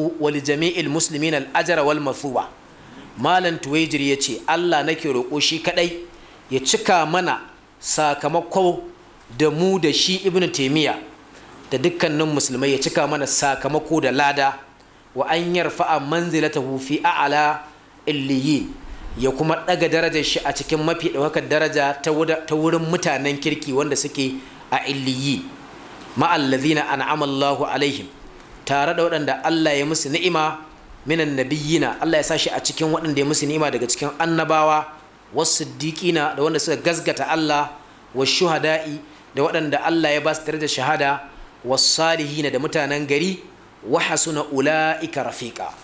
wali jami'il muslimin al'ajara wal mathuba malam tuwajir ya ce allah nake roƙo shi kaɗai ya cika mana sakamako da mu da shi ibnu taimiyya da dukkanin musulmai ya cika mana sakamako da lada wa an yarfa'a hufi a a'la illiyin ya kuma ɗaga darajar shi a cikin mafi ɗaukar daraja ta wurin mutanen kirki wanda suke a illiyin ma'allazina an'amallahu alaihim tare da waɗanda Allah ya musu ni'ima minan nabiyina Allah ya sashi a cikin waɗanda ya musu ni'ima daga cikin annabawa wasu diƙina da wanda suka gazgata Allah wa shuhada'i da waɗanda Allah ya ba su da shahada wa salihina da mutanen gari wa hasuna ula'ika rafiƙa.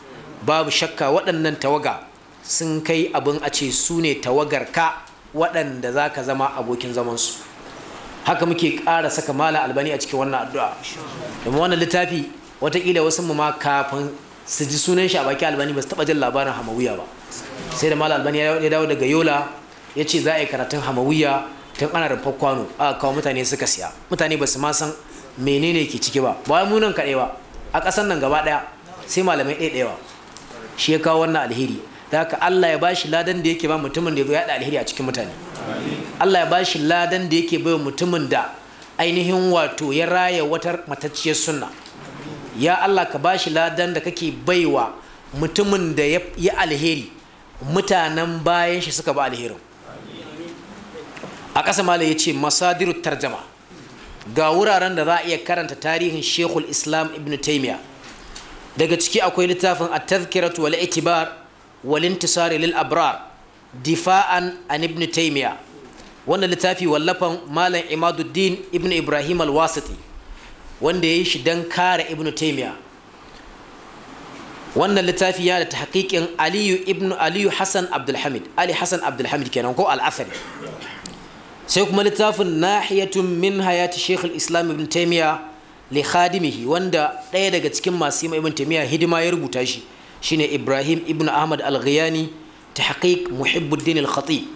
babu shakka waɗannan tawaga sun kai abin a ce su ne tawagar ka waɗanda za ka zama abokin zamansu haka muke ƙara saka mala albani a cikin wannan addu'a domin wannan littafi wataƙila wasu mu ma kafin su ji sunan shi a baki albani ba su taɓa jin labarin hamawiya ba sai da malam albani ya dawo daga yola ya ce za a yi karatun hamawiya tun ana rumfar kwano a kawo mutane suka siya mutane ba su ma san menene ke ciki ba ba mu nan kaɗai ba a ƙasar nan gaba ɗaya sai malamai ɗaya shi ya kawo wannan alheri da haka Allah ya bashi ladan da yake ba mutumin da ya yaɗa alheri a cikin mutane Allah ya ba shi ladan da yake ba mutumin da ainihin wato ya raya wata matacciyar sunna ya Allah ka bashi ladan da kake baiwa mutumin da ya alheri mutanen bayan shi suka ba alherin a ƙasa mala ya ce masadiru tarjama ga wuraren da za a iya karanta tarihin shekul islam ibn taimiya daga ciki akwai littafin a tazkiratu wal itibar wal intisari lil abrar difa'an an ibn taimiya wannan littafi wallafan malam imaduddin ibn ibrahim al-wasiti wanda ya yi shi don kare ibnu taimiya wannan littafi ya da ta haƙiƙin aliyu ibnu aliyu hassan abdulhamid ali hassan abdulhamid kenan ko al'asari sai kuma littafin nahiyatun min hayati shekul islam ibn taimiya li khadimihi wanda ɗaya daga cikin masu yi ibn taimiya hidima ya rubuta shi shine ibrahim ibnu ahmad al-ghiyani ta haƙiƙ muhibbuddin al-khatib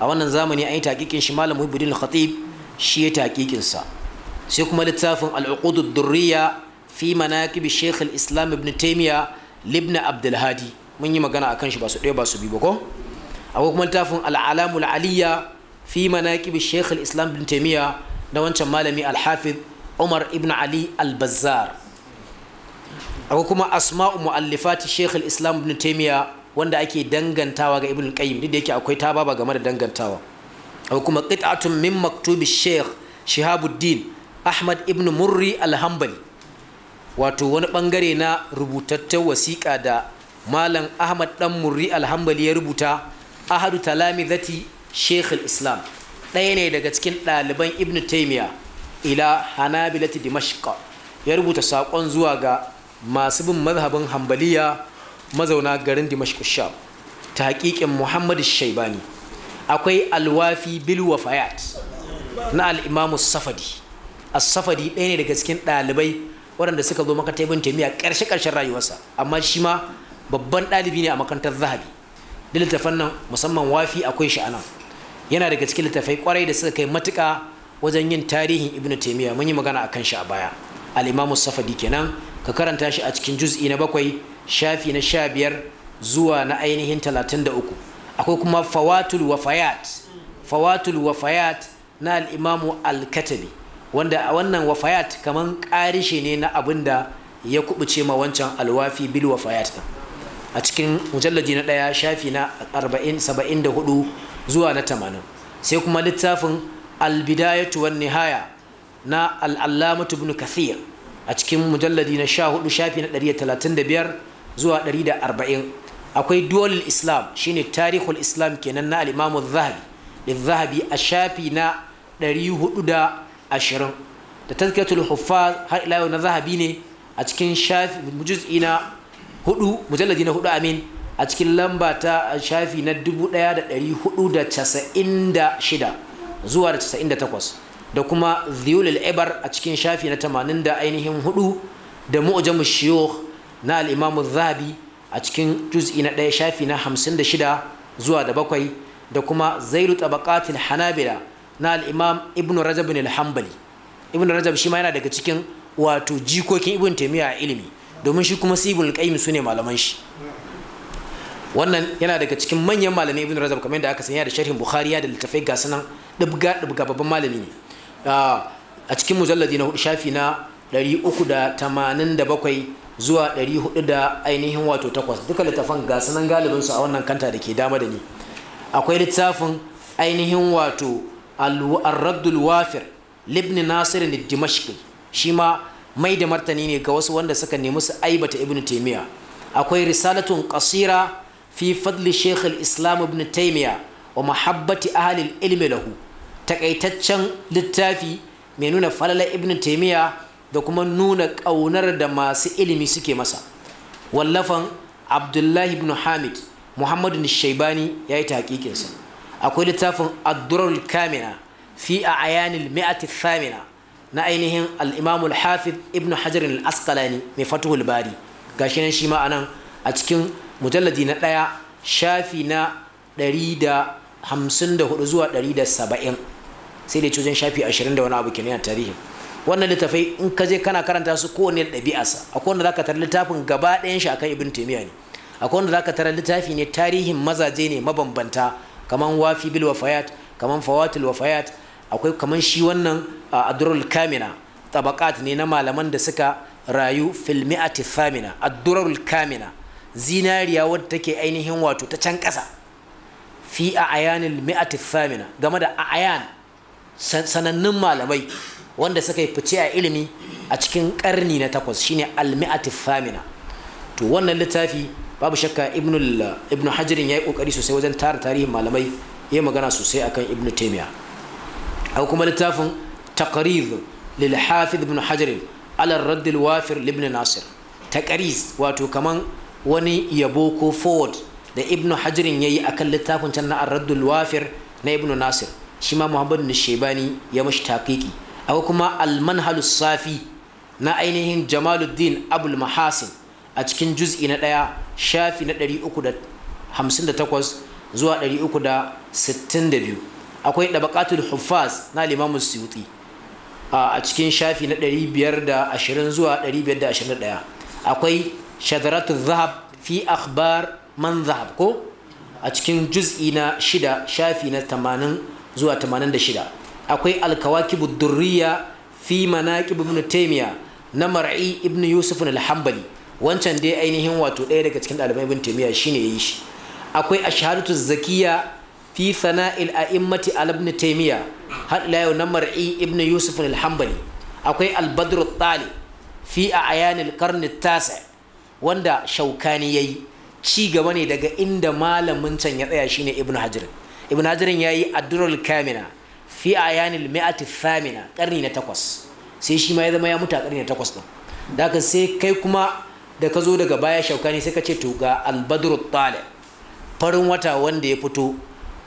a wannan zamani an yi taƙiƙin shi malam muhibbuddin al-khatib shi ya taƙiƙinsa sai kuma littafin al'uqudud durriya fi manaqib shaykh al-islam ibn taymiya libn abdul hadi mun yi magana akan shi ba su ɗaya ba su biyu ba ko akwai kuma littafin al'alamul aliyya fi manaqib shaykh al-islam ibn taymiya na wancan malami al-hafiz umar ibn ali al-bazzar akwai kuma asma'u mu'allifati shaykh al-islam ibn taymiya wanda ake dangantawa ga ibn qayyim duk da yake akwai tababa game da dangantawa akwai kuma qit'atun min maktubi shaykh shihabuddin ahmad ibn murri alhambali wato wani bangare na rubutattun wasiƙa da malam ahmad dan murri alhambali ya rubuta ahadu talami zati shekhul islam ɗaya ne daga cikin ɗaliban ibn taimiya ila hanabilati dimashqa ya rubuta saƙon zuwa ga masu bin mazhabin hambaliya mazauna garin dimashq sham ta haƙiƙin muhammadu shaibani akwai alwafi bil wafayat na al'imamu safadi as-safadi ɗaya ne daga cikin ɗalibai waɗanda suka zo makarantar ibn taymiya ƙarshe ƙarshen rayuwarsa amma shi ma babban ɗalibi ne a makarantar zahabi da littafan nan musamman wafi akwai shi anan yana daga cikin littafai kwarai da suka kai matuƙa wajen yin tarihin ibn taymiya mun yi magana akan shi a baya al-imamu safadi kenan ka karanta shi a cikin juz'i na bakwai shafi na sha biyar zuwa na ainihin talatin da uku akwai kuma fawatul wafayat fawatul wafayat na al-imamu al-katabi wanda wannan wafayat kaman ƙarishe ne na abin da ya kubuce ma wancan alwafi bil wafayat din a cikin mujalladi na ɗaya shafi na 74 zuwa na tamanin. sai kuma littafin albidayatu wan nihaya na al'allamatu ibn kathir a cikin mujalladi na 14 shafi na 135 zuwa 140 akwai duwal islam shine tarihul islam kenan na al'imamu zahabi zahabi a shafi na 400 ashirin da tazkiyatul huffaz har ila yau na zahabi ne a cikin shafi mujiz'i na hudu mujalladi na hudu amin a cikin lamba ta shafi na dubu daya da dari hudu da casa'in da shida zuwa da casa'in da takwas da kuma ziyulul ibar a cikin shafi na tamanin da ainihin hudu da mu'jamu shiyukh na al'imamu zahabi a cikin juz'i na ɗaya shafi na hamsin da shida zuwa da bakwai da kuma zailu tabakatil hanabila na alimam ibnu ibn rajab bin al ibnu ibn rajab shi ma yana daga cikin wato jikokin ibn taimiyya a ilimi domin shi kuma sibul qayyim ne malaman shi wannan yana daga cikin manyan malamai ibn rajab kamar yadda aka sanya da sharhin bukhari ya da littafai ga sanan dubga dubga babban malami ne a cikin mujalladi na hudu shafi na 387 zuwa 400 da ainihin wato takwas duka littafan ga sanan galibin su a wannan kanta da ke dama da ni akwai littafin ainihin wato al-raddul wafir libn nasir al-dimashqi shi ma mai da martani ne ga wasu wanda suka nemi su aibata ibn Taimiya akwai risalatun qasira fi fadli shaykh al-islam ibn Taimiya wa mahabbati ahli al lahu takaitaccen littafi mai nuna falala ibn Taimiya da kuma nuna kaunar da masu ilimi suke masa wallafan abdullahi ibn hamid muhammadu shaibani ya yi ta hakikinsa akwai littafin addurar kamina fi a ayanil mi'ati thamina na ainihin al'imamu al-hafiz ibn hajar al-asqalani mai fatuhul bari shi nan shi ma anan a cikin mujalladi na ɗaya shafi na 154 zuwa 170 sai dai cojin shafi 20 da wani abu kenan yana tarihi wannan littafai in ka je kana karanta su kowane ɗabi'arsa akwai wanda zaka tara littafin gaba ɗayan shi akan ibn taymiya ne akwai wanda zaka tara littafi ne tarihin mazaje ne mabambanta kaman wafi bil wafayat kamar fawatil wafayat akwai kaman shi wannan adurul kamina tabakat ne na malaman da suka rayu fil mi'ati thamina adurul kamina zinariya wadda take ainihin wato ta can ƙasa fi a ayanin mi'ati famina game da a ayan sanannun malamai wanda suka yi fice a ilimi a cikin ƙarni na takwas shine al mi'ati famina to wannan littafi babu shakka ibn ibn ya yi ƙoƙari sosai wajen tara tarihin malamai yayi magana sosai akan ibn taymiya akwai kuma littafin taqrid lil hafiz ibn ala radd wafir ibn nasir taqriz wato kaman wani yabo ko forward da ibn ya yayi akan littafin can na ar wafir na ibn nasir shi ma muhammad nishebani ya mashi taqiqi akwai kuma al safi na ainihin jamaluddin abul mahasin a cikin juz'i na ɗaya. shafi na 358 zuwa 362 akwai dabaqatul huffaz na limamu suyuti a cikin shafi na 520 zuwa 521 akwai shadaratul zahab fi akhbar man zahab ko a cikin juz'i na shida shafi na 80 zuwa 86 akwai alkawakibu durriya fi manaqib ibn taymiya na mar'i ibn yusuf al-hanbali wancan dai ainihin wato ɗaya daga cikin ɗaliban ibn taymiya shine yi shi akwai ashharatu zakiya fi sana'il immati al ibn taymiya har ila yau na mar'i ibn yusuf al akwai al badr tali fi a'yan al qarn tasi wanda shaukani yayi ci gaba ne daga inda malamin can ya tsaya shine ibn hajar ibn hajar yayi yi durrul kamina fi a'yan al mi'ati thamina karni na takwas sai shi ma ya zama ya mutu a karni na takwas din da sai kai kuma da ka zo daga baya shaukani sai ka ce to ga albadru tali farin wata wanda ya fito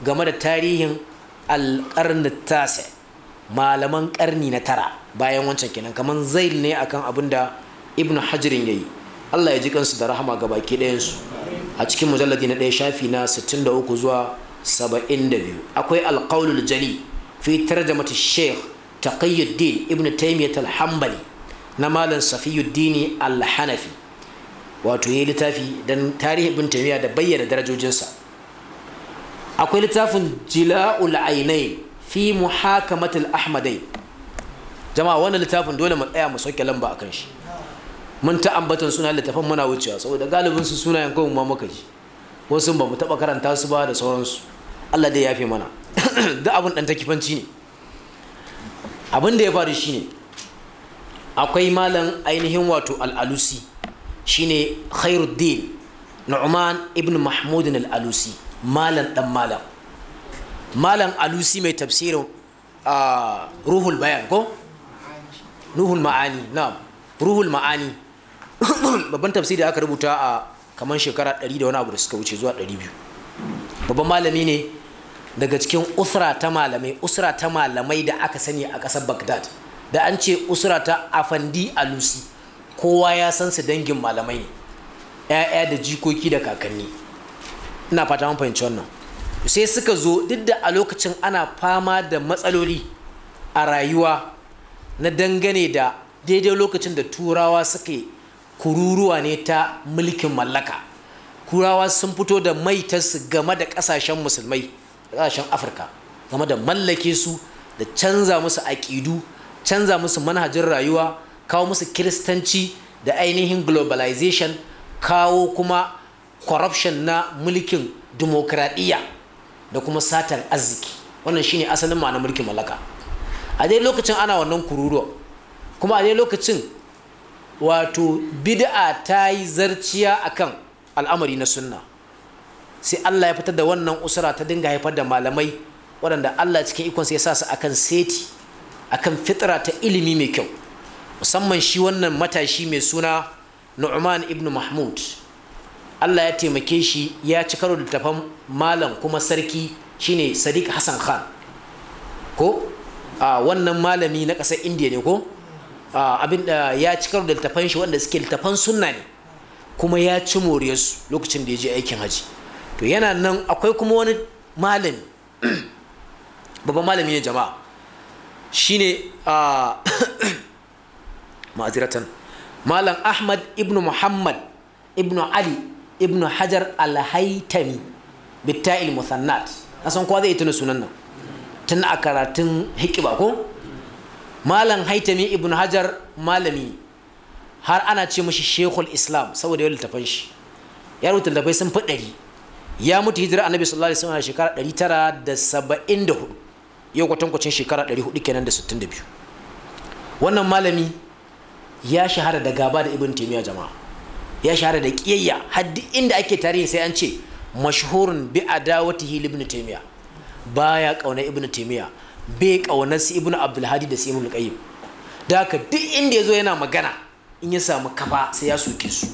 game da tarihin alƙarni tasa malaman ƙarni na tara bayan wancan kenan kamar zail ne akan abin da ibnu hajirin ya yi allah ya ji kansu da rahama ga baki ɗayansu a cikin mujalladi na ɗaya shafi na 63 zuwa 72 akwai alƙaulul jali fi tarjamatu sheikh taqiyuddin ibnu taymiyat alhambali na malam safiyuddini alhanafi wato ya yi littafi don tarihi bin tafiya da bayyana darajojinsa akwai littafin jila'ul ainai fi muhakamatul ahmadai jama'a wannan littafin dole mu tsaya mu sauke lamba akan shi mun ta ambatan suna littafin muna wucewa saboda galibin su sunayen kawai ma muka ji wasu ba mu taba karanta su ba da sauransu Allah dai ya fi mana duk abin dan kifanci ne abin da ya faru shine akwai malam ainihin wato al'alusi shine khairuddin nu'man ibn mahmud al-alusi malan dan malam malan alusi mai tafsirin ah, ruhul bayan ko ruhul ma'ani na ruhul ma'ani babban tafsiri aka rubuta a kamar shekara 100 da wani abu da suka wuce zuwa 200 babban malami ne daga cikin usra ta malamai usra ta malamai da aka sani a ƙasar bagdad da an ce usra ta afandi alusi kowa ya san su dangin malamai ‘ya'ya da jikoki da kakanni ina fata mun fahimci wannan sai suka zo duk da a lokacin ana fama da matsaloli a rayuwa na dangane da daidai lokacin da turawa suke kururuwa ne ta mulkin mallaka turawa sun fito da maitarsu game da kasashen musulmai da ƙasashen afirka game da mallake su da canza musu aƙidu canza musu manhajin rayuwa kawo musu kiristanci da ainihin globalization kawo kuma corruption na mulkin dimokuraɗiyya da kuma satar arziki wannan shine asalin ma'ana mulkin mallaka a dai lokacin ana wannan kururuwa kuma a dai lokacin wato bid'a ta yi zarciya akan al'amari na sunna sai Allah ya fitar da wannan usura ta dinga haifar da malamai waɗanda Allah cikin ikonsa ya sa su akan seti akan fitra ta ilimi mai kyau musamman shi wannan matashi mai suna nu'man ibn mahmud allah ya taimake shi ya ci karo tafan malam kuma sarki shine sadiq hassan khan ko a wannan malami na ƙasar indiya ne ko abin da ya ci karo da tafan shi wanda suke tafan sunna ne kuma ya ci moriyarsu lokacin da ya je aikin haji to yana nan akwai kuma wani malami babban malami ne jama'a shine ma'aziratan malam ahmad ibnu muhammad ibnu ali ibnu hajar alhaitami bitta'il musannat na san kowa zai yi tuna sunan nan tun a karatun hikiba ko malam haitami ibnu hajar malami har ana ce mashi shekul islam saboda yau littafan shi ya rubuta littafai sun fi ɗari ya mutu hijira annabi sallallahu alaihi wasallam shekara ɗari tara da saba'in da hudu yau kwatankwacin shekara ɗari hudu kenan da sittin da biyu wannan malami ya shahara da gaba da ibn taymiya jama'a ya shahara da kiyayya haddi inda ake tarihi sai an ce mashhurun bi adawatihi ibn taymiya baya kauna ibn taymiya bai kaunar su ibn abdul da su ibn qayyim da haka duk inda ya zo yana magana in ya samu kafa sai ya soke su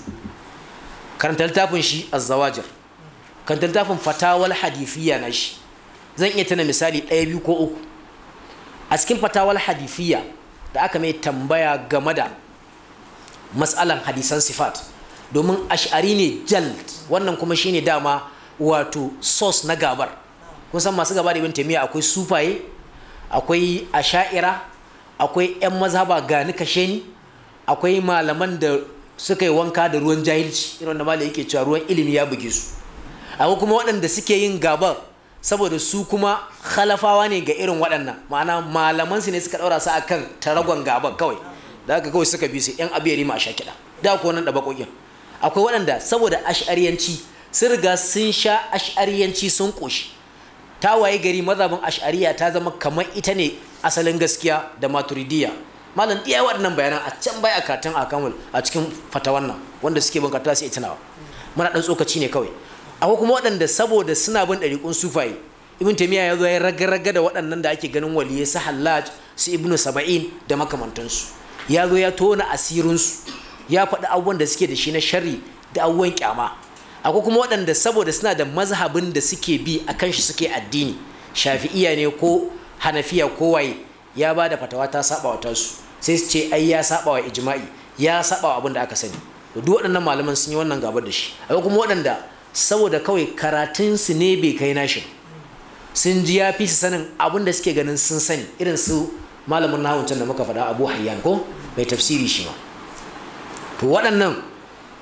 karanta littafin shi az karanta littafin fatawal hadifiyya na shi zan iya tana misali ɗaya biyu ko uku a cikin fatawal hadifiyya da aka mai tambaya game da matsalan hadisan sifat domin ash'ari ne jald wannan kuma shine dama wato sos na gabar kun san masu gaba da ibn taymiya akwai sufaye akwai asha'ira akwai yan mazhaba ni kashe ni akwai malaman da suka yi wanka da ruwan jahilci irin da malai yake cewa ruwan ilimi ya buge su akwai kuma waɗanda suke yin gabar saboda su kuma khalafawa ne ga irin waɗannan ma'ana malamansu ne suka ɗaura su akan taragon gabar kawai da aka kawai suka bi su yan abiyari ma sha kiɗa da ko nan da bakokin akwai waɗanda saboda ash'ariyanci sun riga sun sha ash'ariyanci sun ƙoshi ta waye gari mazhabin ash'ariya ta zama kamar ita ne asalin gaskiya da maturidiya malam iya waɗannan bayanan a can baya a a akamul a cikin fata nan wanda suke bin karatu su iya tunawa muna ɗan tsokaci ne kawai akwai kuma waɗanda saboda suna bin ɗariƙun sufaye ibn taymiya ya zo ya raga-raga da waɗannan da ake ganin waliyai su hallaj su ibnu saba'in da makamantansu ya zo ya tona asirinsu ya faɗi abubuwan da suke da shi na shari da abubuwan kyama akwai kuma waɗanda saboda suna da mazhabin da suke bi a kan shi suke addini shafi'iya ne ko hanafiya ko waye ya ba da fatawa ta saba wa tasu sai su ce ai ya saba wa ijma'i ya saba wa abin da aka sani to duk waɗannan malaman sun yi wannan gaba da shi akwai kuma waɗanda saboda kawai karatun su ne bai kai nashi sun ji ya fi su sanin abin da suke ganin sun sani irin su malamin nahawun can da muka faɗa abu hayyan ko mai tafsiri shi ma to waɗannan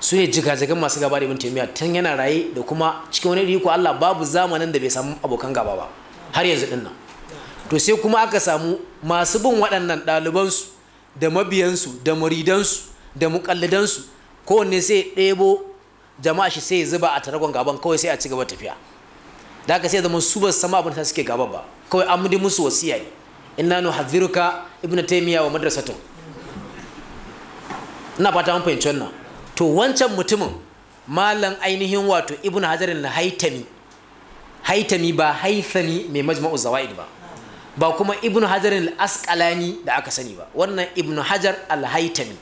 su ne jigajigan masu gaba da ibn taymiya tun yana raye da kuma cikin wani riko Allah babu zamanin da bai samu abokan gaba ba har yanzu din nan to sai kuma aka samu masu bin waɗannan ɗalibansu da mabiyansu da muridansu da muƙallidansu kowanne sai ɗebo jama'a shi sai zuba a taragon gaban kawai sai a ci gaba tafiya da haka sai zama su ba su sama abin da suke gaba ba kawai an musu wasiya ne inna hadiruka ibnu taymiya wa madrasatun ina fata mun fahimci wannan to wancan mutumin malam ainihin wato ibn hajarin haitami haitami ba haithami mai majma'u zawaid ba ba kuma ibn al asqalani da aka sani ba wannan ibn hajar al-haitami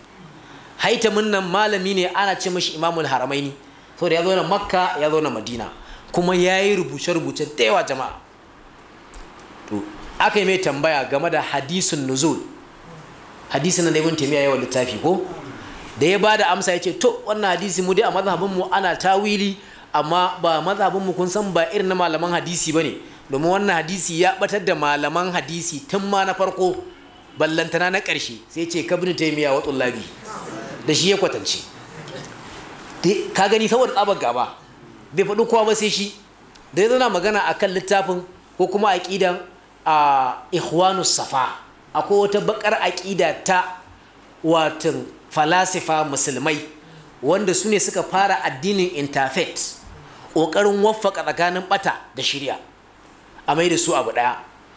haitamin nan malami ne ana ce mashi imamul haramaini saboda ya zo na makka ya zo na madina kuma ya yi rubuce-rubuce da yawa jama'a to aka yi mai tambaya game da hadisun nuzul hadisun nan da ibn taymiya littafi ko da ya bada amsa ya ce to wannan hadisi mu dai a mazhabin mu ana tawili amma ba mazhabin mu kun san ba irin na malaman hadisi ne domin wannan hadisi ya batar da malaman hadisi tun ma na farko ballantana na ƙarshe sai ce ka taimiya wa tsullabi da shi ya kwatance ka gani saboda tsabar gaba bai faɗi kowa ba sai shi da ya zana magana akan littafin ko kuma aƙidan a ikhwanus safa akwai wata bakar aƙida ta watan falasifa musulmai wanda su ne suka fara addinin interfaith ƙoƙarin waffaka tsakanin bata da shirya a mai da su abu ɗaya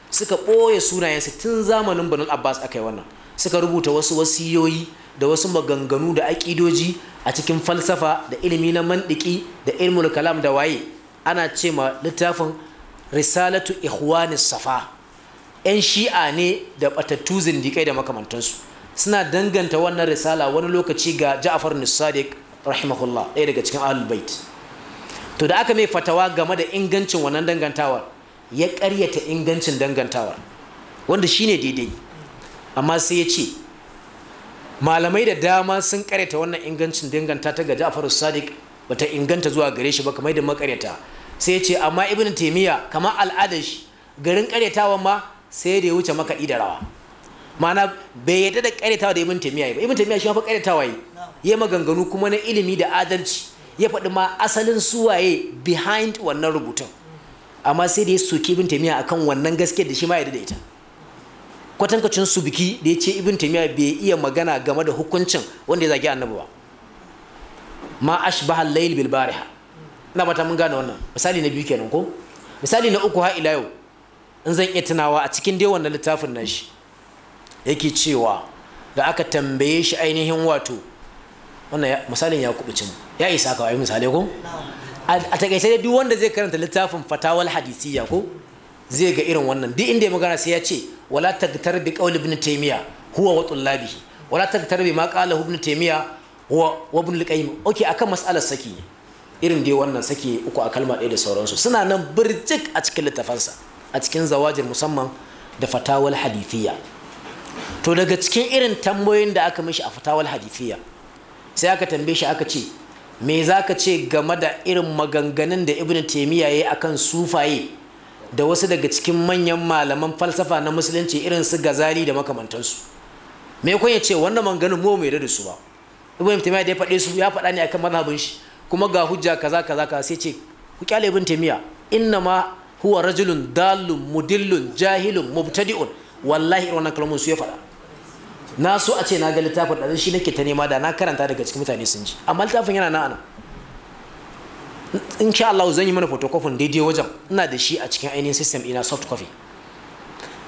suka ɓoye sunayensu tun zamanin banu abbas aka yi wannan suka rubuta wasu wasiyoyi da wasu maganganu da aƙidoji a cikin falsafa da ilimi na mandiki da ilmul kalam da waye ana ce ma littafin risalatu ikhwanis safa 'yan shi'a ne da batattu zindikai da makamantansu suna danganta wannan risala wani lokaci ga ja'afar Nisadiq rahimahullah ɗaya daga cikin Ahlul to da aka mai fatawa game da ingancin wannan dangantawar ya ƙaryata ingancin dangantawar wanda shine daidai amma sai ya ce malamai da dama sun ƙaryata wannan ingancin danganta ta ga Ja'far Sadiq bata inganta zuwa gare shi ba kamar da makaryata sai ya ce amma Ibn taimiyya kamar al'adar shi garin ƙaryatawan ma sai da ya wuce makaɗi da rawa ma'ana bai yadda da karyatawa da ibn taymiya ba ibn taymiya shi ma fa karyatawa yi ya maganganu kuma na ilimi da adalci ya faɗi ma asalin suwaye behind wannan rubutun amma sai da ya soki ibn taymiya akan wannan gaskiyar da shi ma yadda da ita kwatankacin su biki da ya ce ibn taymiya bai iya magana game da hukuncin wanda ya zagi annabi ba ma ashbaha al-layl bil bariha ina bata mun gane wannan misali na biyu kenan ko misali na uku ha ila yau in zan iya tunawa a cikin dai wannan littafin nashi yake cewa da aka tambaye shi ainihin wato wannan misalin ya kubuci mu ya isa ka wa misali ko a takaice dai duk wanda zai karanta littafin fatawal hadisiya ko zai ga irin wannan duk inda ya magana sai ya ce wala tagtar bi qawl ibn taymiya huwa wa tullabihi wala tagtar bi ma qala ibn taymiya huwa wa ibn al-qayyim okay akan mas'alar saki irin dai wannan saki uku a kalma ɗaya da sauransu suna nan birjik a cikin littafansa a cikin zawajin musamman da fatawal hadisiyya to daga cikin irin tambayoyin da aka mishi a fatawal hadithiya sai aka tambaye shi aka ce me za ka ce game da irin maganganun da ibn taimiyya ya yi akan sufaye da wasu daga cikin manyan malaman falsafa na musulunci irin su gazali da makamantansu me kun ya ce wannan maganganun mu mai da su ba ibn taimiyya da ya faɗe su ya faɗa ne akan mazhabin shi kuma ga hujja kaza kaza ka sai ce ku kyale ibn taimiyya inna ma huwa rajulun dalun mudillun jahilun mubtadi'un wallahi irin wannan kalmomin su ya faɗa na so a ce na ga littafin da shi nake ta nema da na karanta daga cikin mutane sun ji amma littafin yana nan anan sha Allah zan yi mana photocopy daidai wajen ina da shi a cikin ainihin system ina soft copy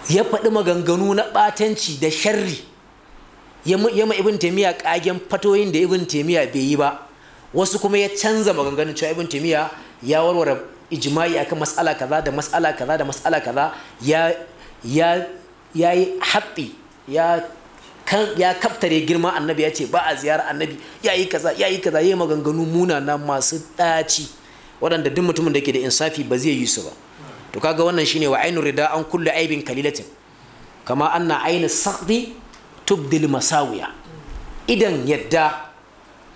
ya faɗi maganganu na batanci da sharri ya ma ibn taimiyya ƙagen fatoyin da ibn taimiyya bai yi ba wasu kuma ya canza maganganun cewa ibn taimiyya ya warware ijma'i akan mas'ala kaza da mas'ala kaza da mas'ala kaza ya ya yi ya kaftare girma annabi ya ce ba a ziyara annabi ya yi kaza ya yi kaza ya yi maganganu munana masu ɗaci waɗanda duk mutumin da ke da insafi ba zai yi su ba to kaga wannan shine wa ainu rida an kulle aibin kalilatin kama anna aini saqdi tubdil masawiya idan yadda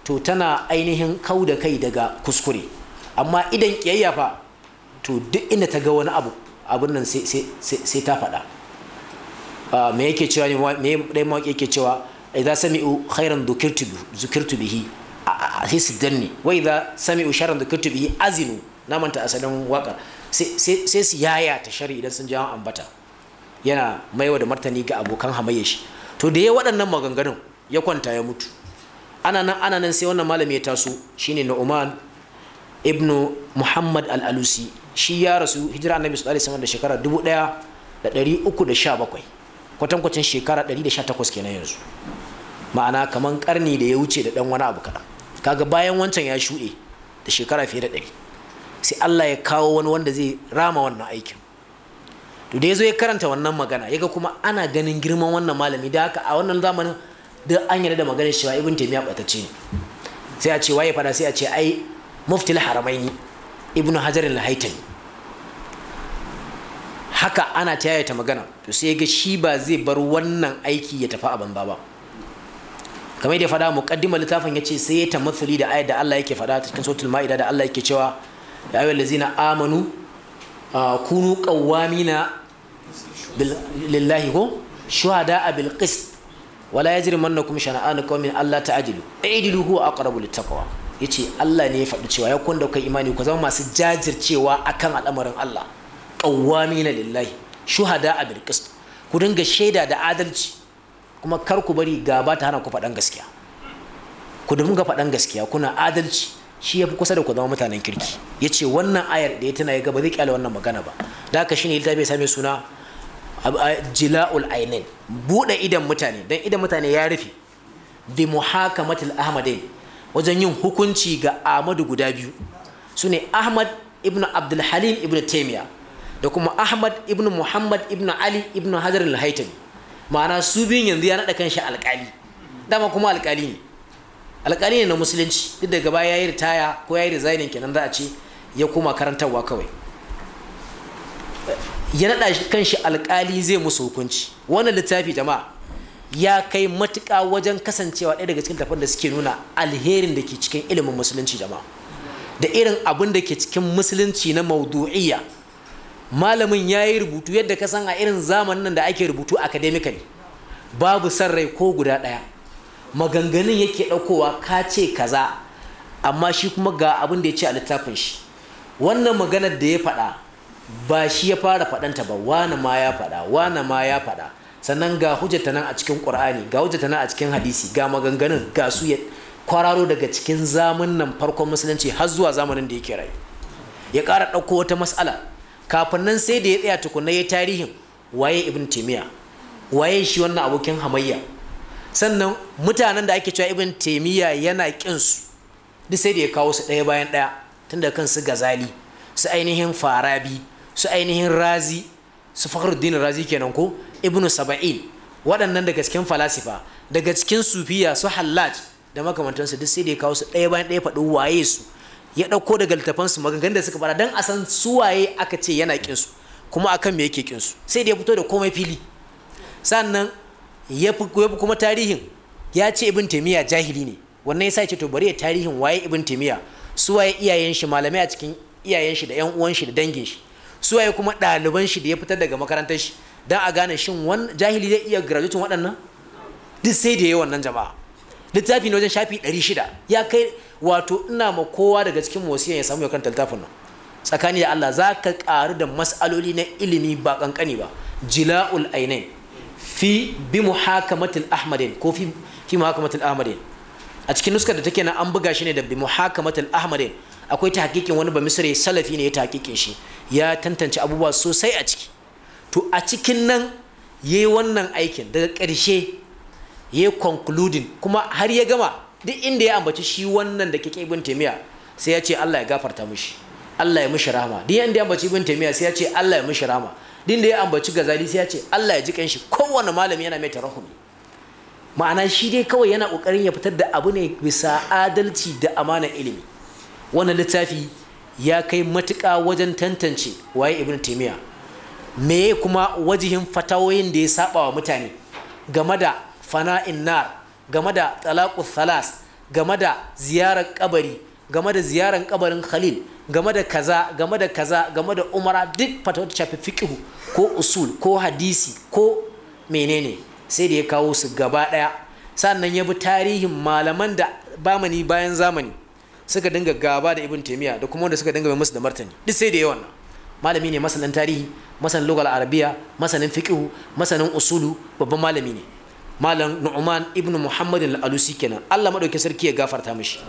to tana ainihin kau da kai daga kuskure amma idan kiyayya fa to duk inda ta ga wani abu abun nan sai ta faɗa Ah, me yake cewa ne me dai mawaki yake cewa idza sami'u khairan dhukirtu zukirtu bihi his danni wa idza sami'u sharran dhukirtu bihi azinu na manta asalin waka sai su yaya ta shari idan sun jawo ambata yana maiwa da martani ga abokan hamayya shi to da ya waɗannan maganganun ya kwanta ya mutu ana nan ana nan sai wannan malami ya taso shine Nu'man ibnu Muhammad al-Alusi shi ya rasu hijira annabi sallallahu alaihi wasallam da shekara 1317 kwatankwacin shekara 118 kenan yanzu ma'ana kamar karni da ya wuce da dan wani abu kaɗan kaga bayan wancan ya shuɗe da shekara fiye da ɗari sai Allah ya kawo wani wanda zai rama wannan aikin to da ya zo ya karanta wannan magana yaga kuma ana ganin girman wannan malami da haka a wannan zamanin duk an yarda da maganar cewa ibn taymiya batacce ne sai a ce waye fada sai a ce ai muftil haramaini ibnu hajarin al haka ana ta yayata magana to sai ga shi ba zai bar wannan aiki ya tafi a banza ba kamar da faɗa muqaddimar littafin yace sai ya tamathuli da ayat da Allah yake faɗa cikin suratul maida da Allah yake cewa ya ayyuhal ladzina amanu kunu qawwamina lillahi ko shuhada bil qist wala yajrimannakum shana'an qawmin alla ta'dilu i'dilu huwa aqrabu littaqwa yace Allah ne ya faɗi cewa ya kun da kai imani ku zama masu jajircewa akan al'amarin Allah qawwamina lillahi shuhada a bilqist ku dinga shaida da adalci kuma kar ku bari gaba ta hana ku faɗan gaskiya ku dinga faɗan gaskiya kuna adalci shi ya fi kusa da ku zama mutanen kirki ya ce wannan ayar da ya tana ya ga zai kyale wannan magana ba da haka shi ne ya same suna jila'ul ainin buɗe idan mutane don idan mutane ya rufe bi muhakamatil ahmadai wajen yin hukunci ga amadu guda biyu su ne Ahmad ibn Abdulhalim ibn Taimiyya da kuma ahmad ibn muhammad ibn ali ibn hajar al-haitami ma'ana su biyun yanzu ya naɗa kanshi alƙali dama kuma alƙali ne alƙali ne na musulunci duk daga baya ya yi ritaya ko ya yi resigning kenan za a ce ya koma karantarwa kawai ya naɗa kanshi alƙali zai musu hukunci wannan littafi jama'a ya kai matuƙa wajen kasancewa ɗaya daga cikin tafan da suke nuna alherin da ke cikin ilimin musulunci jama'a da irin abin da ke cikin musulunci na maudu'iyya malamin ya yi rubutu yadda ka san a irin zamanin nan da ake rubutu academically babu san rai ko guda ɗaya maganganun yake ɗaukowa ka ce kaza amma shi kuma ga abin da ya ce a littafin shi wannan maganar da ya faɗa ba shi ya fara faɗanta ba wani ma ya faɗa wani ma ya faɗa sannan ga hujjata nan a cikin ƙur'ani ga hujjata nan a cikin hadisi ga maganganun ga su ya kwararo daga cikin zamanin farkon musulunci har zuwa zamanin da yake rai ya ƙara ɗauko wata mas'ala kafin nan sai da ya tsaya tukunna ya tarihin waye ibn taimiya waye shi wannan abokin hamayya sannan mutanen da ake cewa ibn taimiya yana kin su duk sai da ya kawo su ɗaya bayan ɗaya tun da kansu gazali su ainihin farabi su ainihin razi su fakhruddin razi kenan ko ibnu saba'in waɗannan daga cikin falasifa daga cikin sufiya su hallaj da makamantansu duk sai da ya kawo su ɗaya bayan ɗaya faɗi waye su ya ɗauko daga littafansu maganganun da suka fara don a san suwaye aka ce yana kinsu kuma akan me yake kinsu sai da ya fito da komai fili sannan ya fi kuma tarihin ya ce ibn taimiyya jahili ne wannan sa ce to bari ya tarihin waye ibn taimiyya suwaye iyayen shi malamai a cikin iyayen shi da yan uwan shi da dangin shi suwaye kuma ɗaliban shi da ya fitar daga makarantar shi don a gane shin wani jahili zai iya graduating waɗannan duk sai da ya yi wannan jama'a littafi ne wajen shafi shida ya kai wato ina ma kowa daga cikin wasiya ya samu ya littafin nan tsakani da Allah za ka ƙaru da mas'aloli na ilimi ba kankani ba jila'ul ainain fi bi muhakamatul ahmadin ko fi fi muhakamatul ahmadin a cikin nuskar da take nan an buga shi ne da bi muhakamatul ahmadin akwai ta hakikin wani ba misri salafi ne ya ta hakikin shi ya tantance abubuwa sosai a ciki to a cikin nan yayi wannan aikin daga ƙarshe ya concluding kuma har ya gama duk inda ya ambaci shi wannan da kike ibn taymiya sai ya ce Allah ya gafarta mishi Allah ya mishi rahama duk inda ya ambaci ibn taymiya sai ya ce Allah ya mishi rahama duk inda ya ambaci gazali sai ya ce Allah ya ji kanshi kowanne malami yana mai tarahumi ma'ana shi dai kawai yana kokarin ya fitar da abu ne bisa adalci da amanar ilimi wannan littafi ya kai matuƙa wajen tantance waye ibn taymiya me kuma wajihin fatawoyin da ya saba wa mutane game da fana'in nar game da talaqu salas game da ziyarar kabari game da ziyarar kabarin khalil game da kaza game da kaza game da umara duk fatawar shafi fiqhu ko usul ko hadisi ko menene sai da ya kawo su gaba daya sannan ya bi tarihin malaman da bamani bayan zamani suka dinga gaba da ibn taymiya da kuma wanda suka dinga mai musu da martani duk sai da yawan wannan malami ne masanin tarihi masanin lugal arabiya masanin fiqhu masanin usulu babban malami ne malam nu'man ibnu muhammad al-alusi kenan Allah madauke sarki ya gafarta mishi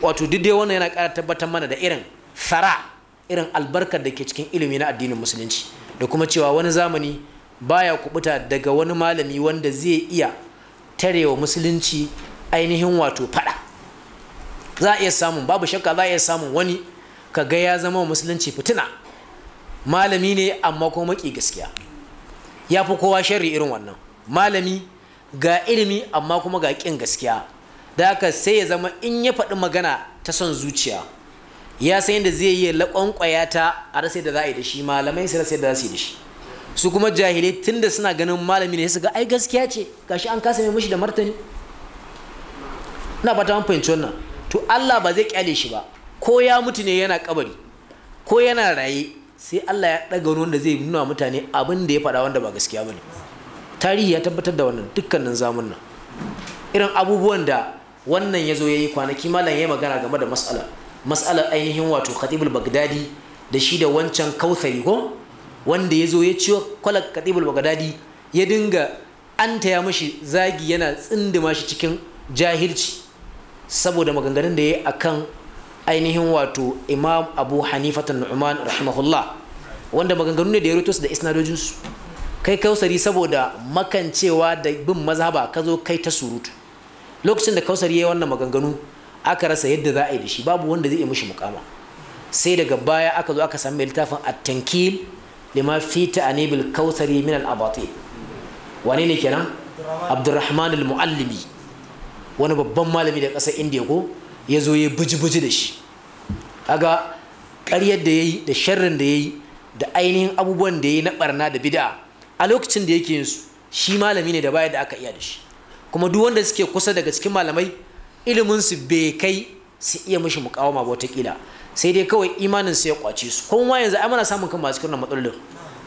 wato duk dai wannan yana ƙara tabbatar mana da irin fara irin albarkar da ke cikin ilimi na addinin musulunci da kuma cewa wani zamani baya kubuta daga wani malami wanda zai iya tarewa musulunci ainihin wato fada za a iya samun babu shakka za a iya samun wani ka ga ya zama musulunci fitina malami ne amma kuma maki gaskiya ya fi kowa sharri irin wannan malami ga ilimi amma kuma ga ƙin gaskiya da haka sai ya zama in ya faɗi magana ta son zuciya ya san yadda zai yi laƙwanƙwaya ta a rasa da za a yi da shi malamai su rasa da za su yi da shi su kuma jahilai tun da suna ganin malami ne su ga ai gaskiya ce gashi an kasa mai mushi da martani na fata an fahimci wannan to Allah ba zai kyale shi ba ko ya mutu ne yana kabari ko yana raye sai Allah ya ɗaga wanda zai nuna mutane abin da ya faɗa wanda ba gaskiya ba ne tarihi ya tabbatar da wannan dukkanin zamun nan irin abubuwan da wannan ya zo ya yi kwanaki malam ya magana game da matsala matsalar ainihin wato khatibul bagdadi da shi da wancan kautsari ko wanda ya zo ya ciwo kwala khatibul bagdadi ya dinga an taya mashi zagi yana tsindima shi cikin jahilci saboda maganganun da ya yi a kan ainihin wato imam abu hanifatan nu'man rahimahullah wanda maganganu ne da ya rito su da isnadojinsu kai kausari saboda makancewa da bin mazhaba ka zo kai ta surutu lokacin da kausari ya yi wannan maganganu aka rasa yadda za a yi da shi babu wanda zai yi mishi mukama sai daga baya aka zo aka samu littafin at-tankil lima fi ta'anibil kausari min al-abatil wane ne kenan abdurrahman al-muallimi wani babban malami da kasar indiya ko ya zo ya buji-buji da shi kaga ƙaryar da ya yi da sharrin da ya yi da ainihin abubuwan da ya yi na ɓarna da bid'a a lokacin da yake yin su shi malami ne da baya da aka iya da shi kuma duk wanda suke kusa daga cikin malamai iliminsu bai kai su iya mishi mukawama ba kila sai dai kawai imanin su ya kwace su kuma yanzu ai muna samun kan masu kiran matsalolin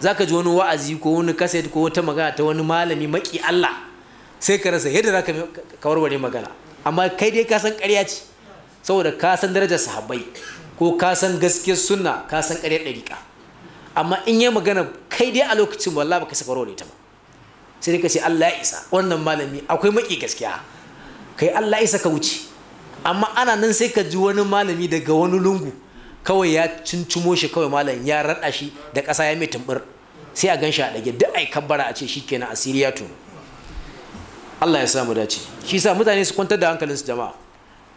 zaka ji wani wa'azi ko wani kaset ko wata magana ta wani malami maki Allah sai ka rasa yadda zaka ka warware magana amma kai dai ka san ƙarya ce saboda ka san darajar sahabbai ko ka san gaskiyar sunna ka san ƙaryar ɗariƙa amma in yi magana kai dai a lokacin wallahi baka saka rawar ita ba sai dai ka ce Allah ya isa wannan malami akwai maki gaskiya kai Allah ya isa ka wuce amma ana nan sai ka ji wani malami daga wani lungu kawai ya cincimo shi kawai malam ya raɗa shi da ƙasa ya mai tumbur sai a gan shi a ɗage duk ai kabbara a ce shi kenan asiri ya to Allah ya samu dace shi sa mutane su kwantar da hankalinsu jama'a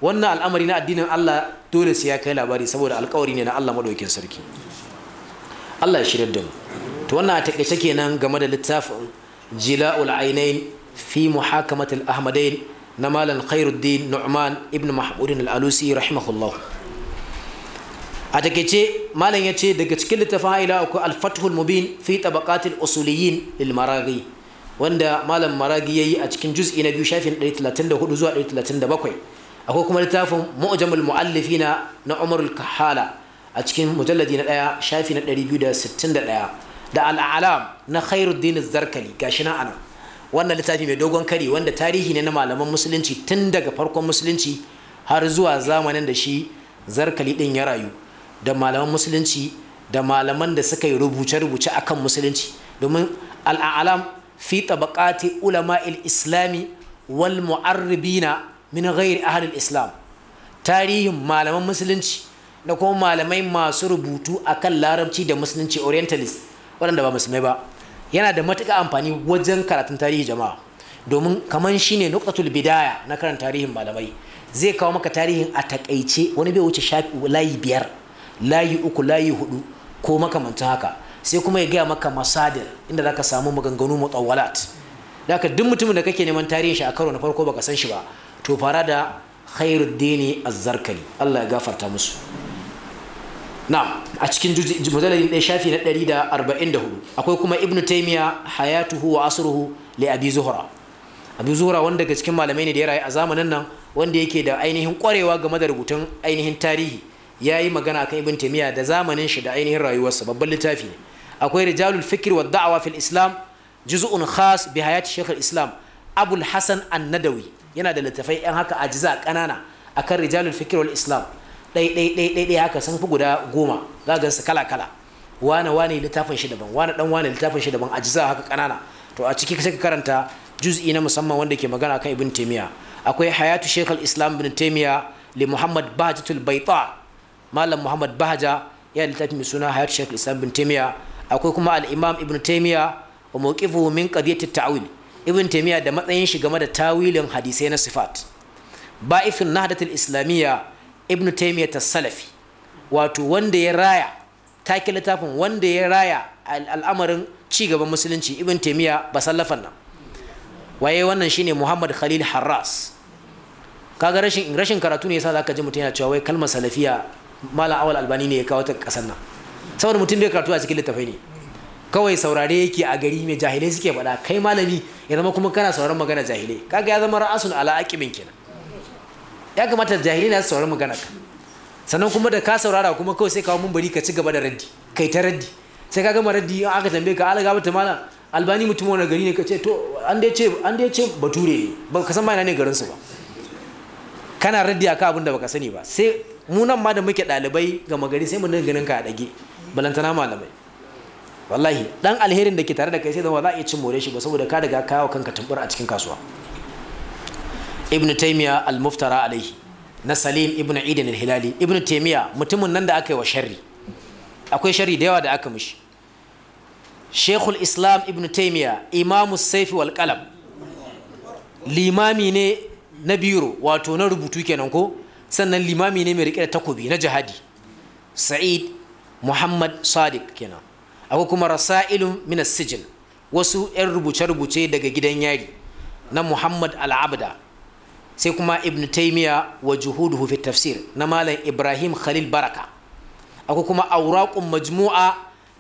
wannan al'amari na addinin Allah dole sai ya kai labari saboda alƙawari ne na Allah madaukakin sarki Allah ya shirya da mu to wannan a takaice kenan game da littafin jila'ul ainain fi muhakamat al-ahmadain na malam khairuddin nu'man ibn mahmudin al-alusi rahimahullah a takaice malam ya ce daga cikin littafin ila akwai al-fathul mubin fi tabaqatil usuliyyin lil maraghi wanda malam maragi yayi a cikin juz'i na biyu shafin 134 zuwa 137 akwai kuma littafin mu'jamul mu'allifina na Umar al-Kahala a cikin mujalladi na ɗaya shafi na 261 da al'alam na khairuddin zarkali gashi na anan wannan littafi mai dogon kari wanda tarihi ne na malaman musulunci tun daga farkon musulunci har zuwa zamanin da shi zarkali ɗin ya rayu da malaman musulunci da malaman da suka yi rubuce-rubuce akan musulunci domin al'alam fi tabaqati ulama islami wal mu'arribina min ghairi ahli islam tarihin malaman musulunci da kuma malamai masu rubutu akan larabci da musulunci orientalist waɗanda ba musulmai ba yana da matuƙa amfani wajen karatun tarihi jama'a domin kamar shine nuqatul bidaya na karan tarihin malamai zai kawo maka tarihin a takaice wani bai wuce shafi layi biyar layi uku layi hudu ko makamantan haka sai kuma ya gaya maka masadir inda zaka samu maganganu mutawalat da duk mutumin da kake neman tarihin shi a karo na farko baka san shi ba to fara da khairuddini az-zarkali Allah ya gafarta musu na'am a cikin mujallal ɗaya shafi na ɗari da da arba'in hudu akwai kuma ibnu taymiya hayatuhu wa asruhu li abi zuhra abi zuhra wanda daga cikin malamai ne da ya rayu a zamanin nan wanda yake da ainihin kwarewa game da rubutun ainihin tarihi ya yi magana kan ibn taymiya da zamanin shi da ainihin rayuwarsa babban littafi ne akwai rijalul fikr wa da'awa fil islam juz'un khas bi hayati shaykh islam abul hasan an-nadawi yana da littafai yan haka ajiza kanana akan rijalul fikr wal islam ɗaiɗaiɗaiɗaiɗai haka sun fi guda goma za ga su kala kala wane wane littafin shi daban wane dan wane littafin shi daban a jiza haka kanana to a ciki sai ka karanta juz'i na musamman wanda ke magana kan ibn taymiya akwai hayatu shaykh islam ibn taymiya li muhammad bahajatul baita malam muhammad bahaja ya littafi mai suna hayatu shaykh islam ibn taymiya akwai kuma al-imam ibn taymiya wa mawqifuhu min qadiyat at-ta'wil ibn taymiya da matsayin shi game da tawilin hadisai na sifat ba'ifin nahdatul islamiyya ibn taymiyyah salafi wato wanda ya raya take littafin wanda ya raya al'amarin ci gaban musulunci ibn taymiyyah basallafan nan waye wannan shine muhammad khalil harras kaga rashin rashin karatu ne yasa zaka ji mutum yana cewa wai kalmar salafiya mala awal albani ne ya kawo ta kasar nan saboda mutum da karatu a cikin littafai ne kawai saurare yake a gari mai jahilai suke faɗa kai malami ya zama kuma kana sauraron magana jahilai kaga ya zama rasul ala aqibin kenan ya kamata jahili na saurari magana ka sannan kuma da ka saurara kuma kawai sai kawo mun bari ka ci gaba da raddi kai ta raddi sai ka gama raddi aka tambaye ka alaga ba mala albani mutum wani gari ne ka ce to an dai ce an dai ce bature ne ba ka san ma ne garin su ba kana raddi akan abin da baka sani ba sai mu nan ma da muke dalibai gama gari sai mu dinga ganin ka a dage balantana malamai wallahi dan alherin da ke tare da kai sai da ba za a iya cin more shi ba saboda ka daga kawo kanka tumbar a cikin kasuwa ibn taimiya al-muftara alaihi na salim ibn idin al-hilali ibn taimiya mutumin nan da aka yi wa sharri akwai sharri da yawa da aka mishi shekul islam ibn taimiya imamu saifi wal qalam limami ne na biro wato na rubutu kenan ko sannan limami ne mai rike da takobi na jihadi sa'id muhammad sadiq kenan akwai kuma rasailun min as wasu 'yan rubuce-rubuce daga gidan yari na muhammad al'abda sai kuma ibn taymiya wa juhuduhu fi tafsir na malam ibrahim khalil baraka akwai kuma auraqun majmu'a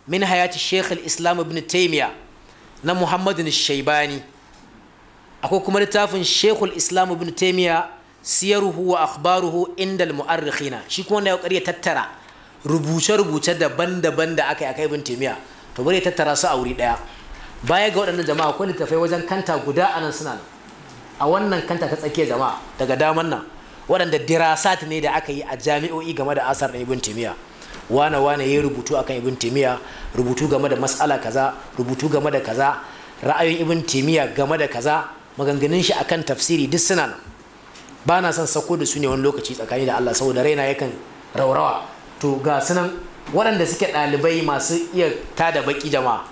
min hayati shaykh al-islam ibn taymiya na muhammadin shaibani akwai kuma littafin shaykh al-islam ibn taymiya siyaruhu wa akhbaruhu inda al-mu'arrikhina shi kuma wanda ya kokari tattara rubuce-rubuce daban-daban da aka yi akai ibn taymiya to bari tattara su a wuri daya baya ga waɗannan jama'a akwai littafai wajen kanta guda anan suna nan a wannan kanta ta tsakiyar jama'a daga daman nan waɗanda dirasat ne da aka yi a jami'o'i game da asar ibn timiya wane wane ya rubutu akan ibn timiya rubutu game da mas'ala kaza rubutu game da kaza ra'ayin ibn timiya game da kaza maganganun shi akan tafsiri duk suna nan ba na son sako da su ne wani lokaci tsakani da Allah saboda raina yakan raurawa to ga sunan waɗanda suke ɗalibai masu iya tada baki jama'a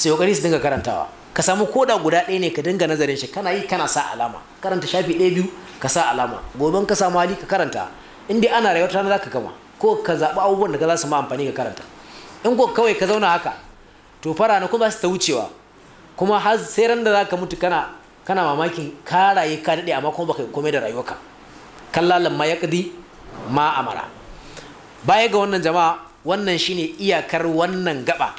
sai kokari su dinga karantawa ka samu koda guda ɗaya ne ka dinga nazarin shi kana yi kana sa alama karanta shafi ɗaya biyu ka sa alama gobe ka samu hali ka karanta in dai ana rayuwa ta za ka gama ko ka zaɓi abubuwan da ka za su ma amfani ka karanta in ko kawai ka zauna haka to fara na kuma su ta wucewa kuma har sai ran da za ka mutu kana kana mamakin ka raye ka daɗe amma kuma baka komai da rayuwarka kallalan ma ya ƙadi ma amara baya ga wannan jama'a wannan shine iyakar wannan gaba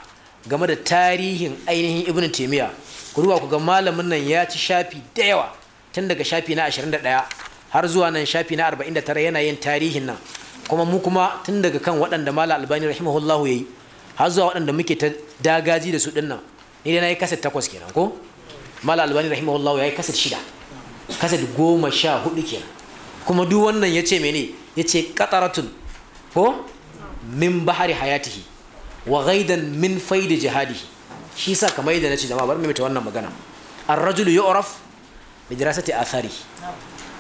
game da tarihin ainihin ibn taimiyya ku duba ku ga malamin nan ya ci shafi da yawa tun daga shafi na 21 har zuwa nan shafi na 49 yana yin tarihin nan kuma mu kuma tun daga kan waɗanda malam albani rahimahullahu yi har zuwa waɗanda muke ta dagaji da su nan ni dai na yi kasar takwas kenan ko malam albani rahimahullahu ya yi kasar shida kasar goma sha hudu kenan kuma duk wannan ya ce mene ya ce kataratun ko min bahari hayatihi wa ghaidan min faidi jihadi shi sa kamar yadda na ce jama'a bar mu mita wannan magana ar-rajul yu'raf bi dirasati athari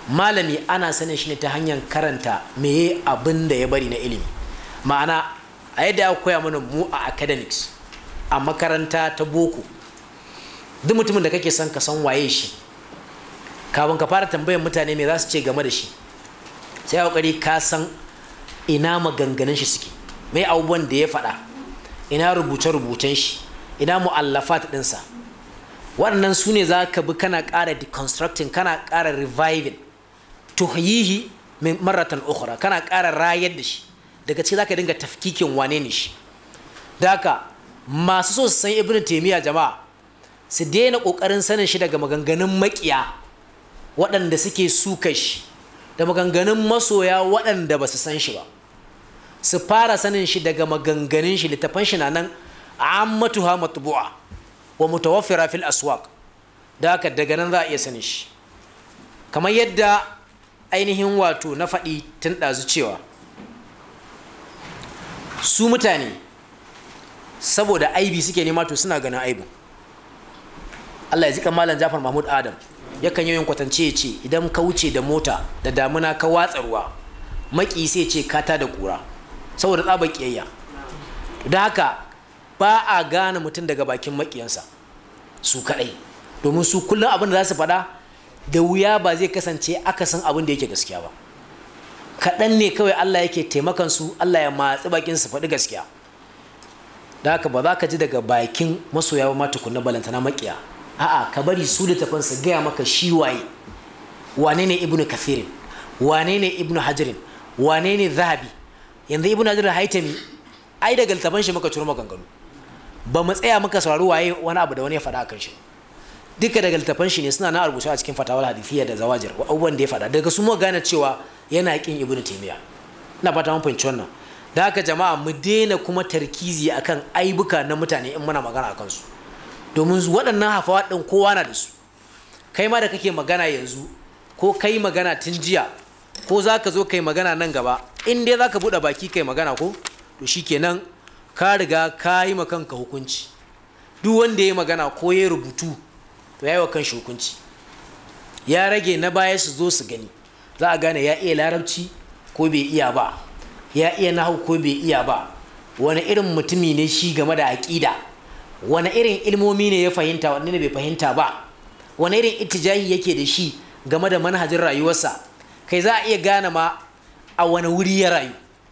malami ana sanin shi ne ta hanyar karanta meye abin da ya bari na ilimi ma'ana a yadda aka koya mana mu a academics a makaranta ta boko duk mutumin da kake son ka san waye shi kafin ka fara tambayar mutane me za su ce game da shi sai a kokari ka san ina maganganun shi suke mai abubuwan da ya faɗa ina rubuce-rubucen shi ina mu'allafat ɗinsa waɗannan su ne za ka bi kana kara deconstructing kana ƙara reviving tuhyihi min maratan ukhra kana kara rayar da shi daga ciki za ka dinga tafkikin wane ne shi daka masu so su san ibn taimiyya jama'a su daina ƙoƙarin sanin shi daga maganganun maƙiya waɗanda suke suka shi da maganganun masoya waɗanda ba su san shi ba su fara sanin shi daga maganganun shi littafan shi na nan ammatuha matbu'a wa mutawaffira fil aswaq da haka daga nan za a iya sanin shi kamar yadda ainihin wato na faɗi tun ɗazu cewa su mutane saboda aibi suke nema to suna ganin aibin Allah ya zika malam Jafar Mahmud Adam yakan yi kwatance ya ce idan ka wuce da mota da damuna ka watsa ruwa maki sai ce kata da kura saboda tsaba kiyayya da haka ba a gane mutum daga bakin makiyansa su kadai domin su kullum abin da za su faɗa da wuya ba zai kasance aka san abin da yake gaskiya ba kaɗan ne kawai Allah yake taimakan su Allah ya matsi bakin su faɗi gaskiya da haka ba za ka ji daga bakin masoya ba ma tukunna balantana makiya a'a ka bari su littafin su gaya maka shi waye wane ne ibnu kafirin wane ne ibnu hajarin wane ne zahabi yanzu ibn hajar haitami ai daga littafan shi muka ciro maganganu ba mu tsaya muka sauraro waye wani abu da wani ya faɗa akan shi duka daga littafan shi ne suna na rubuce a cikin fatawar hadisiya da zawajir abubuwan da ya faɗa daga su mu gane cewa yana kin ibn taymiya ina fata mun fahimci wannan da haka jama'a mu daina kuma tarkizi akan aibuka na mutane in muna magana akan su domin waɗannan hafawa ɗin kowa na da su kai ma da kake magana yanzu ko kai magana tun jiya ko za ka zo kai magana nan gaba in dai za ka buɗe baki kai magana ko to shi nan ka riga ka yi ma kanka hukunci duk wanda ya yi magana ko ya rubutu to ya yi wa kanshi hukunci ya rage na baya su zo su gani za a gane ya iya larabci ko bai iya ba ya iya nahu ko bai iya ba wani irin mutumi ne shi game da aƙida wani irin ilmomi ne ya fahimta wani ne bai fahimta ba wani irin itijahi yake da shi game da manhajin rayuwarsa kai za a iya gane ma a wani wuri ya rayu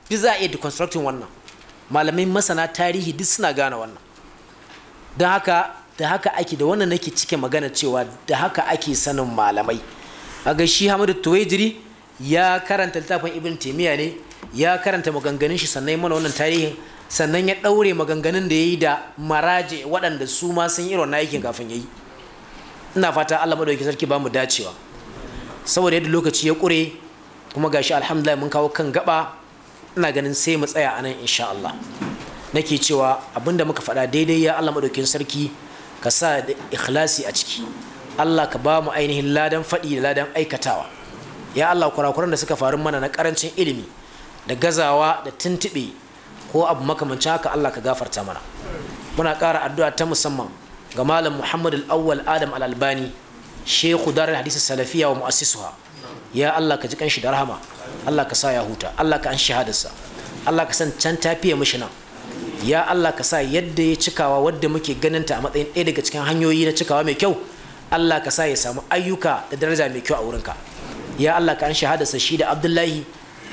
duk za a iya deconstructing wannan malamai masana tarihi duk suna gane wannan don haka da haka ake da wannan nake cike magana cewa da haka ake sanin malamai a shi hamadu tuwaijiri ya karanta littafin ibn taimiyya ne ya karanta maganganun shi sannan mana wannan tarihin sannan ya ɗaure maganganun da ya yi da maraje waɗanda su ma sun yi wannan aikin kafin ya yi ina fata allah maɗauki sarki ba mu dacewa saboda yadda lokaci ya ƙure kuma gashi alhamdulillah mun kawo kan gaba ina ganin sai mu tsaya anan insha Allah nake cewa abinda muka faɗa daidai ya Allah madaukin sarki ka sa da ikhlasi a ciki Allah ka ba mu ainihin ladan faɗi da ladan aikatawa ya Allah kurakuran da suka faru mana na karancin ilimi da gazawa da tuntuɓe ko abu makamancin haka Allah ka gafarta mana muna ƙara addu'a ta musamman ga malam Muhammad al-Awwal Adam al-Albani shehu darar hadisi salafiya wa mu'assisuha ya Allah ka ji kanshi da rahama Allah ka sa ya huta Allah ka an shahadarsa Allah ka san can tafiya mishi nan ya Allah ka sa yadda ya cikawa wadda muke ganinta a matsayin ɗaya daga cikin hanyoyi na cikawa mai kyau Allah ka sa ya samu ayyuka da daraja mai kyau a wurinka ya Allah ka an shahadarsa shi da Abdullahi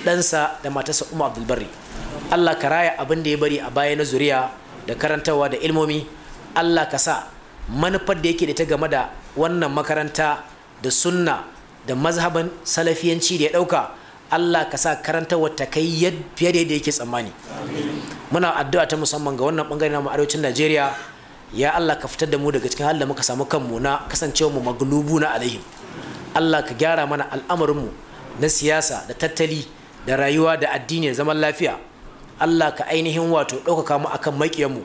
ɗansa da matarsa Umar Abdulbari Allah ka raya abin da ya bari a baya na zuriya da karantawa da ilmomi Allah ka sa manufar da yake da ta game da wannan makaranta da sunna da mazhaban salafiyanci da ya ɗauka Allah ka sa karanta wata kai fiye da yadda yake tsammani muna addu'a ta musamman ga wannan bangare na arewacin Najeriya ya Allah ka fitar da mu daga cikin halin da muka samu kanmu na kasancewa mu maglubu na alaihim Allah ka gyara mana al'amarin na siyasa da tattali da rayuwa da addini da zaman lafiya Allah ka ainihin wato ɗaukaka mu akan mu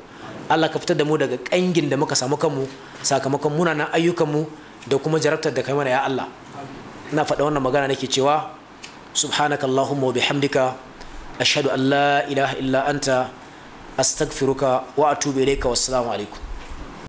Allah ka fitar da mu daga ƙangin da muka samu kanmu sakamakon munanan ayyukanmu da kuma jarabtar da kai mana ya Allah ina faɗa wannan magana nake cewa subhanaka allahumma wa bihamdika ashhadu an la ilaha illa anta astaghfiruka wa atubu ilayka wassalamu alaikum